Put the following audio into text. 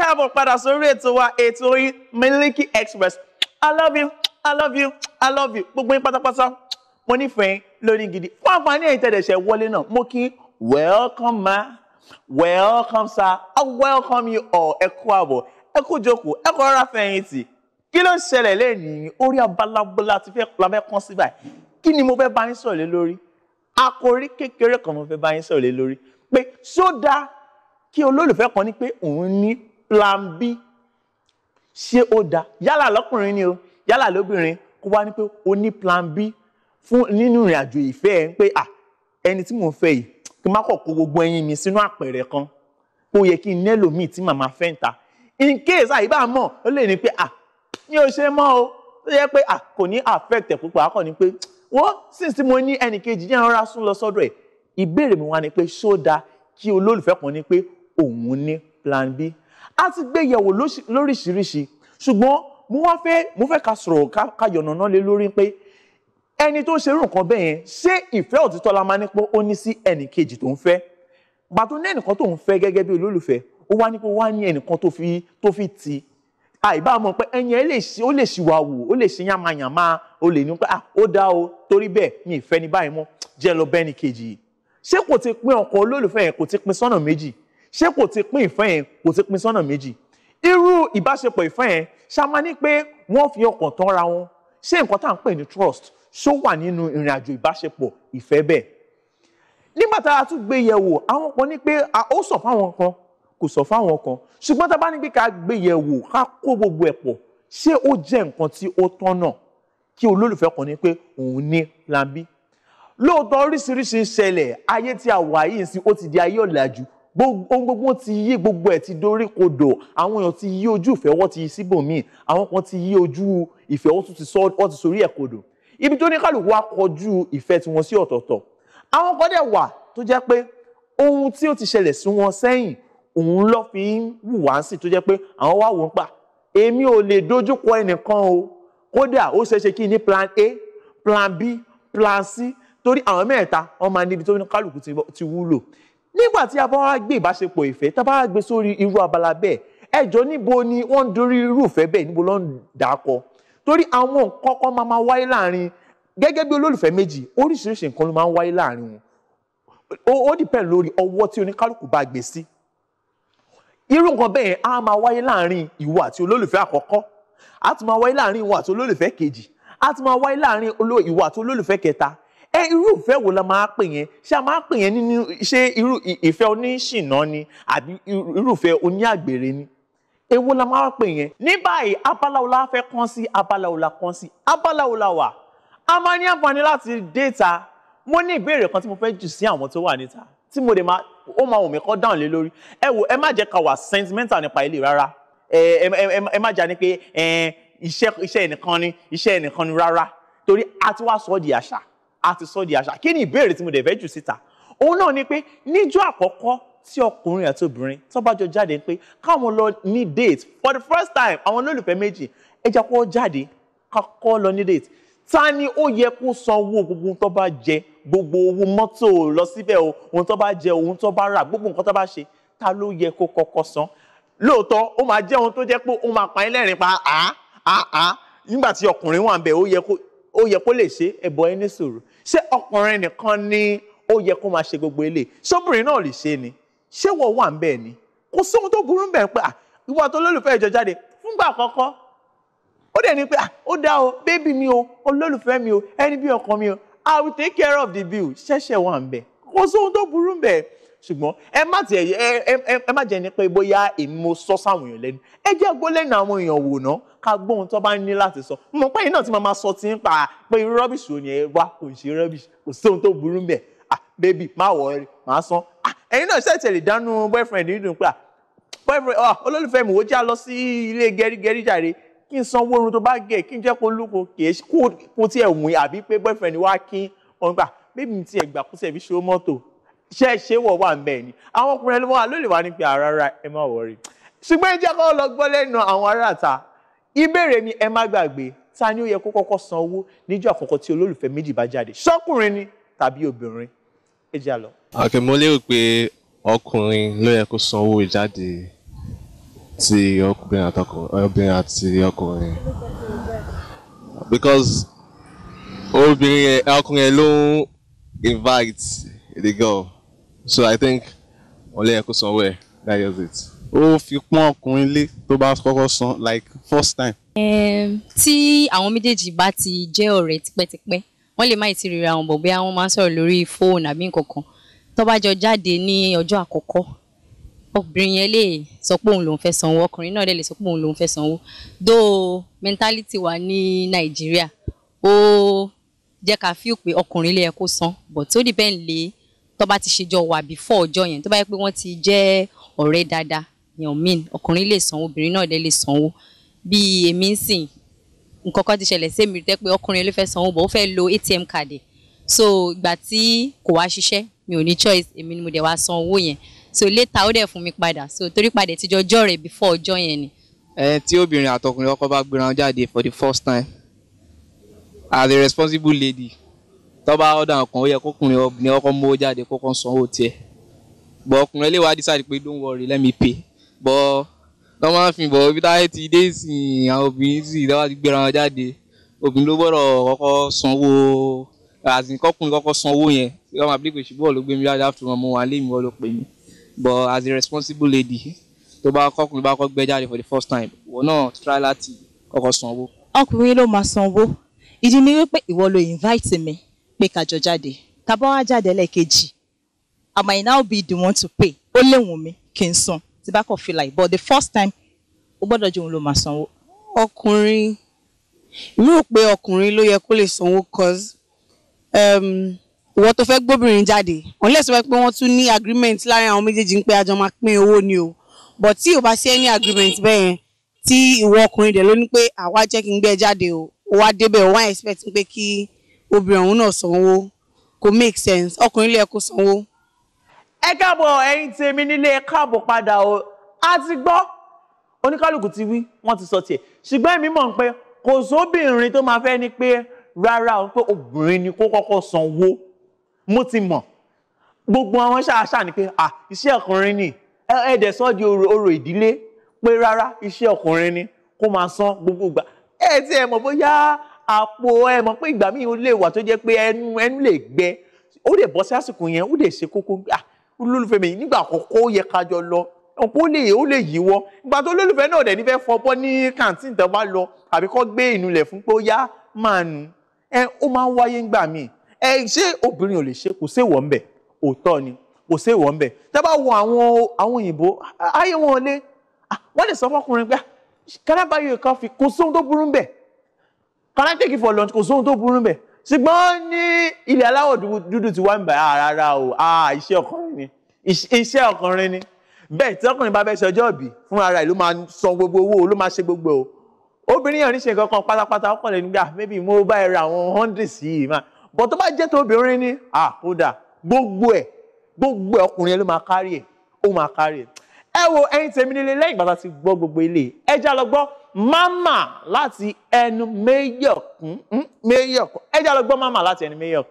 káàbọ̀ padà sórí ètò wa ètò yín Miliki Express i love you i love you i love you gbogbo yín pátápátá mo nífẹ̀ẹ́ lórí gidi fún àǹfààní ẹ̀yin tẹ̀lẹ̀ṣẹ̀ wọlé náà mo kí welcome ma welcome sir i welcome you all ẹ kú àbọ̀ ẹ kú jókòó ẹ kọ́ rárá fẹ̀yìntì kí ló ń ṣẹlẹ̀ lẹ́yìn orí abalabola ti fẹ́ lamẹ́ kán sí báyìí kí ni mo fẹ́ bá yín sọ̀rọ̀ lé lórí àkòrí kékeré kan mo fẹ́ bá yín sọ̀rọ̀ lé lórí pé ṣó dáa kí olólùfẹ́ kan ní pé òun ní plan b ṣé ó dáa yálà lọ́kùnrin ni o yálà lóbìnrin kó wá ní pé o ní plan b fún nínú ìrìn àjò ìfẹ́ ẹ̀ ń pé à ẹni tí mò ń fẹ́ yìí kí n má kọ̀ kó gbogbo ẹyin mi sínú àpẹẹrẹ kan ó yẹ kí n nẹ́lò míì tí màmá fẹ́ ń ta in case àyíbá mọ̀ ó lè ní pé à ní o ṣe mọ́ o ó yẹ pé à kò ní affect ẹ̀ púpọ̀ àkọ́ ni pé wọ́n since tí mo ní ẹnì kejì yẹn rárá sún lọ sọ́dọ̀ ẹ̀ ìbéèrè mi wá ni pé ṣó dáa kí olólùfẹ́ kan ní pé òun ní plan b a ti gbé yẹ̀wò lóríṣiríṣi ṣùgbọ́n mo wá fẹ́ mo fẹ́ ka sọ̀rọ̀ ká yọ̀nàná lé lórí pé ẹni tó ṣerú nǹkan bẹ́ẹ̀ yẹn ṣé ìfẹ́ òtítọ́ la máa ní pé ó ní sí ẹnì kejì tó ń fẹ́ bàtó ní ẹnìkan tó ń fẹ́ gẹ́gẹ́ bí olólùfẹ́ ó wá ní pé wá ní ẹnìkan tó fi tó fi ti àìbá mọ̀ pé ẹyin ẹ lè ṣe ó lè ṣìwà wò ó lè ṣe yàmàyàmà ó lè ní pé ah ó dá o torí bẹ́ẹ̀ mi ìfẹ́ ní báyìí mọ́ jẹ́ lọ bẹ́ẹ̀ ní kejì yìí ṣé kò ti pín ọkọ olólùfẹ́ yẹn kò ti pín sọ́nà méjì ṣé kò ti pín ìfẹ́ yẹn kò ti pín sọ́nà méjì irú ìbáṣepọ̀ ìfẹ́ yẹn ṣáma ní pé wọ́n fi ọkàn tán ra wọn ṣé nǹkan tá à ń pè ní trust ṣó wà nínú ìrìn àjò ìbáṣepọ̀ ìfẹ́ bẹ́ẹ̀ nígbà tá a tún gbé yẹ̀wò àwọn kan ní pé ó sọ fáwọn kan kò sọ fáwọn kan ṣùgbọ́n tá a bá ní pé ká gbé yẹ̀wò ká kó gbogbo ẹ̀ pọ̀ ṣé ó jẹ́ nǹkan tí ó tọ́nà kí olólùfẹ́ kan ní pé òun ní plan B lóòótọ́ oríṣiríṣi ṣẹlẹ̀ ayé tí a wà yìí sí ó ti di ayé ọ̀làjú ohun gbogbo ti yí gbogbo ẹ̀ ti dorí kodò àwọn èèyàn ti yí ojú ìfẹ́ wọ́n ti yí síbòmíì àwọn kan ti yí ojú ìfẹ́ wọ́n ti sórí ẹ̀ kodò ibi tó ní kálukú wá kọjú ìfẹ́ tiwọn sí ọ̀tọ̀ọ̀tọ̀ àwọn kan dẹ̀ wà tó jẹ́ pé ohun tí ó ti ṣẹlẹ̀ sí wọn sẹ́yìn òun ló fi ń wùwá sí tó jẹ́ pé àwọn wá wò ń pa èmi ò lè dojúkọ ẹnìkan o kódà ó ṣeé ṣe kí ní plan a plan b plan c torí àwọn mẹ́ta wọ́n máa níbi tó ní kálukú ti wúlò nígbà tí a bá wá gbé ìbáṣepọ̀ ìfẹ́ tá a bá wá gbé sórí irú abala bẹ́ẹ̀ ẹjọ́ níbo ni wọ́n ń dorí irúfẹ́ bẹ́ẹ̀ níbo ló ń dà á kọ torí àwọn nǹkan kan máa máa wáyé láàrin gẹ́gẹ́ bí olólùfẹ́ méjì oríṣiríṣi nǹkan ló máa ń wáyé láàrin wọn ó dìpẹ́ lórí ọwọ́ tí oníkálukú bá gbé sí irú nǹkan bẹ́ẹ̀ á máa wáyé láàrin ìwọ àti olólùfẹ́ àkọ́kọ́ á tún máa wáyé láàrin ìwọ àti olólùfẹ́ kejì á tún máa wáyé láàrin ìwọ àti olólùfẹ́ kẹta ẹ irú ìfẹ́ wo la máa pè yẹn ṣé a máa pè yẹn nínú ṣé irú ìfẹ́ oníṣìnà ni àbí irú ìfẹ́ oníàgbèrè ni èwo la máa pè yẹn ní báyìí abáláwo la fẹ́ kàn sí abáláwo la kàn sí abáláwo la wà a máa ní àǹfààní láti déta mo ní ìbéèrè kan tí mo fẹ́ jù sí àwọn tó wà níta tí mo dé máa ó máa wùn mí kọ́ dáhùn lé lórí ẹ wò ẹ má jẹ́ ká wà sentimental nípa ilé rárá ẹ má jà ní pé iṣẹ́ ẹnìkan ni iṣẹ́ ẹnìkan ni rárá torí a ti wá sọ ọ́ di àṣà a ti sọ di àṣà kí ni ìbéèrè tí mo dẹ̀ fẹ́ jù síta òun náà ni pé níjọ́ àkọ́kọ́ tí ọkùnrin àti obìnrin tó bá jọ jáde pé káwọn lọ ní date for the first time àwọn olólùfẹ́ méjì ẹ jẹ́ kó jáde kọ́kọ́ lọ ní date ta ni ó yẹ kó sanwó gbogbo tó bá jẹ gbogbo owó mọ́tò lọ síbẹ̀ o ohun tó bá jẹ ohun tó bá rà gbogbo nǹkan tó bá ṣe ta ló yẹ kó kọ́kọ́ san lóòótọ́ ó máa jẹ́ ohun tó jẹ́ pé ó máa pa yín lẹ́rìn pa àá àá nígbà tí ọkùnrin wà ń bẹ̀ ó yẹ kó lè ṣe ẹ̀bọ̀ ẹni sòrò ṣé ọkùnrin nìkan ni ó yẹ kó máa ṣe gbogbo eléyìí sóbìnrin náà lè ṣe ni ṣé wọ́n wà ń bẹ́ẹ̀ ni kò sóhun tó burú ń bẹ̀ pé ah, ìwọ tó lólùfẹ́ ìjọ jáde fúngbà àkọ́kọ́ ó dẹ̀ ní pé ah, ó dá o bébì mi o olólùfẹ́ mi o ẹni bí ọkàn mi o I will take care of the bill ṣẹ́ṣẹ́ wà ń bẹ̀ kò sóhun tó burú ń ṣùgbọ́n ẹ má tiẹ̀ ẹ má jẹ́ ni pé bóyá èmi mo sọ sáwọn èèyàn lẹ́nu ẹ jẹ́ gbọ́ lẹ́nu àwọn èèyàn wò ná ká gbọ́ ohun tó bá ní láti sọ mọ̀ pé yìí náà ti máa sọ ti ń pa pé irú rọ́bìṣì ò ní ẹ wá kò ṣe rọ́bìṣì kò sí ohun tó burú mbẹ̀ ah baby má wọrí má sán ah ẹ̀yin náà ṣẹ̀ tẹ̀lé dánú boyfriend nínú pé boyfriend ah olólùfẹ́ mi wò já lọ sí ilé gẹ́rígẹ́rí jàre kí n sanwó oorun tó bá gẹ̀ kí n jẹ́ kó lóko kì í kó tiẹ̀ wùn àbí pé boyfriend wá kí ọ̀n gbà bébì mi tiẹ̀ gbà kó tiẹ̀ fi ṣe mọ́tò ṣe é ṣe wọ̀ wà ń bẹ́ẹ̀ ni àwọn ọkùnrin ẹlẹ́wọ̀n ló lè wà ní pé àràrà ẹ má wọrí ṣùgbọ́n ẹ jẹ́ kó lọ gbọ́ lẹ́nu àwọn aráàta ìbéèrè mi ẹ má gbàgbé ta ni ó yẹ kó kọ́kọ́ san owó níjọ́ àkọ́kọ́ tí olólùfẹ́ méjì bá jáde ṣọ́kùnrin ni tàbí obìnrin ẹ jà lọ. àkè mo lérò pé ọkùnrin ló yẹ kó san owó ìjáde ti ọkùnrin àti ọkùnrin because obìnrin ọkùnrin ló ń invite the girl so i think wọ́n lè yẹ kó sanwó ẹ̀ that is it ó fi pọ́n ọkùnrin lé tó bá kọ́kọ́ san like first time. tí àwọn méjèèjì bá ti jẹ́ ọ̀rẹ́ tipẹ́tipẹ́ wọ́n lè má ì ti rira wọn bọ̀ bóyá wọ́n máa ń sọ̀rọ̀ lórí fóònù àbí nǹkan kan tó bá jọ jáde ní ọjọ́ àkọ́kọ́ obìnrin yẹn lè sọ pé òun lòun fẹ́ sanwó ọkùnrin náà dẹ̀ lè sọ pé òun lòun fẹ́ sanwó dó mentality wa ní nàìjíríà ó jẹ́ ká fíò pé ọkùnrin lè yẹ kó san but ó depend lé tó bá ti ṣèjọ wà before ọjọ́ yẹn tó bá yẹ pé wọ́n ti jẹ́ ọ̀rẹ́ dáadáa yẹn mean ọkùnrin lè sanwó obìnrin náà dẹ̀ lè sanwó bí èmi ń sìn nǹkan kan ti ṣẹlẹ̀ sí èmi tẹ́ pé ọkùnrin ló fẹ́ sanwó bọ̀ ó fẹ́ lo atm card so ìgbà tí kò wá ṣiṣẹ́ mi ò ní choice èmi ni mo dẹ̀ wá san owó yẹn so later ó dẹ̀ fún mi padà so torí padà ti jọ jọ́ rẹ̀ before ọjọ́ yẹn ni. ẹ tí obìnrin àtọkùnrin ọkọ bá gbéra jáde for the first time as a responsible lady tọ́ba ọ̀dà nǹkan ó yẹ kókùnrin ni ọkọ̀ mú jáde kókó sanwó tiẹ̀ bọ̀ ọkùnrin lè decide pé don't worry let me pay bọ̀ wọ́n máa ń fi bọ̀ ibi táyé ti dé ìsìn àwọn obìnrin sì dáwà ti gbéra wọn jáde obìnrin ló gbọ́dọ̀ kọ́kọ́ sanwó àti kọ́kùnrin kọ́kọ́ sanwó yẹn wọ́n máa bí pé ṣùgbọ́n ló gbé mi jáde after wọn mo wà lé mi ló pè mí but as a responsible lady tó bá kọ́kùnrin bá kọ́ gbé jáde for the first time wọn náà try láti kọ́kọ́ sanwó. ọkùnrin ló máa sanwó ìdí ni wípé ìwọ ló invite mi pé ká jọ jáde tá bá wá jáde lẹ́ẹ̀kejì I might now be the one to pay ó lè wùn mí kí n san tí bá kàn fi láì but the first time ó gbọ́dọ̀ jẹ́ òun ló máa sanwó. ọkùnrin mi ò pé ọkùnrin ló yẹ kó lè sanwó cause um, ìwọ tó fẹ́ gbóbìnrin jáde unless wọ́n pé wọ́n tún ní agreement láàrin àwọn méjèèjì ń pé àjọ máa pín owó ni o but tí ò bá sí any agreement bẹ́ẹ̀ yẹn tí ìwọ ọkùnrin dẹ̀ ló ní pé àwa jẹ́ kí n gbé ẹ jáde o wá débẹ̀ wá expect pé kí obìnrin ọ̀hún náà sanwó kò make sense ọkùnrin ilé ẹ kò sanwó. ẹ káàbọ̀ ẹ̀yin tèmi nílé káàbọ̀ padà o a ti gbọ́ oníkálukú ti wí wọ́n ti sọ tiẹ̀ ṣùgbọ́n èmi mọ̀ pé kò sóbìnrin tó máa fẹ́ ni pé rárá o pé obìnrin ni kó kọ́kọ́ sanwó mo ti mọ̀ gbogbo àwọn ṣàṣà ni pé à iṣẹ́ ọkùnrin ni ẹ̀ẹ́dẹ̀ sọ́ di orò ìdílé pé rárá iṣẹ́ ọkùnrin ni kó máa san gbogbo ìgbà ẹ̀ mọ̀ bóyá àpò ẹ mọ̀ pé ìgbà míì ó lè wà tó jẹ́ pé ẹnu ẹnu lè gbẹ ó lè bọ́ sí àsìkò yẹn ó lè ṣe kókó ah olólùfẹ́ mi nígbà àkọ́kọ́ ó yẹ ká jọ lọ ọ̀pọ̀ lè ó lè yíwọ́ ìgbà tó olólùfẹ́ náà dẹ̀ ní fẹ́ fọbọ́ ní kàǹtín tó bá lọ àbí kọ́ gbé ìnulẹ̀ fún pé ó yá máa nu ẹ ó máa ń wáyé ńgbà míì ẹ ṣé obìnrin ò lè ṣe kò séwọ̀ ńbẹ òótọ́ ni kò séwọ̀ ńbẹ tẹ́ bá wo àwọn àwọn òyìnbó ah, ayé wọn lé ah, wọ́n lè sọ fọkùnrin pé kálábàáyé kan fi kò sóhun tó burú ńbẹ̀ kọ́nàtẹ́kì for lunch kò sóhun tó burú bẹ̀ ṣùgbọ́n ní ilẹ̀ aláwọ̀ dúdú ti wá ń bẹ̀ ah, rárá o ah, iṣẹ́ ọkùnrin ni iṣẹ́ ọkùnrin ni bẹ́ẹ̀ tí ọkùnrin bá fẹ́ ṣe ọjọ́ ìbí fúnra rẹ̀ ló máa san gbogbo owó ló máa ṣe gbogbo o obìnrin yẹn níṣe kankan pátápátá ó kàn lè nígbà ah, maybe mo bá ẹ ra àwọn hundreds yìí mà bọ̀ tó bá jẹ́ tó obìnrin ni àkódà gbogbo ẹ̀ gbogbo ẹ̀ ọkùnrin ló máa kárí ẹ̀ ó máa kárí ẹ̀ ẹ wo ẹ̀yin tèmi nílé lẹ́yìn bàtà ti gbọ́ gbogbo ilé ẹ já lọ gbọ́ mama láti ẹnu méyọ̀kún méyọ̀kún hmm? ẹ já lọ gbọ́ mama láti ẹnu méyọ̀kún.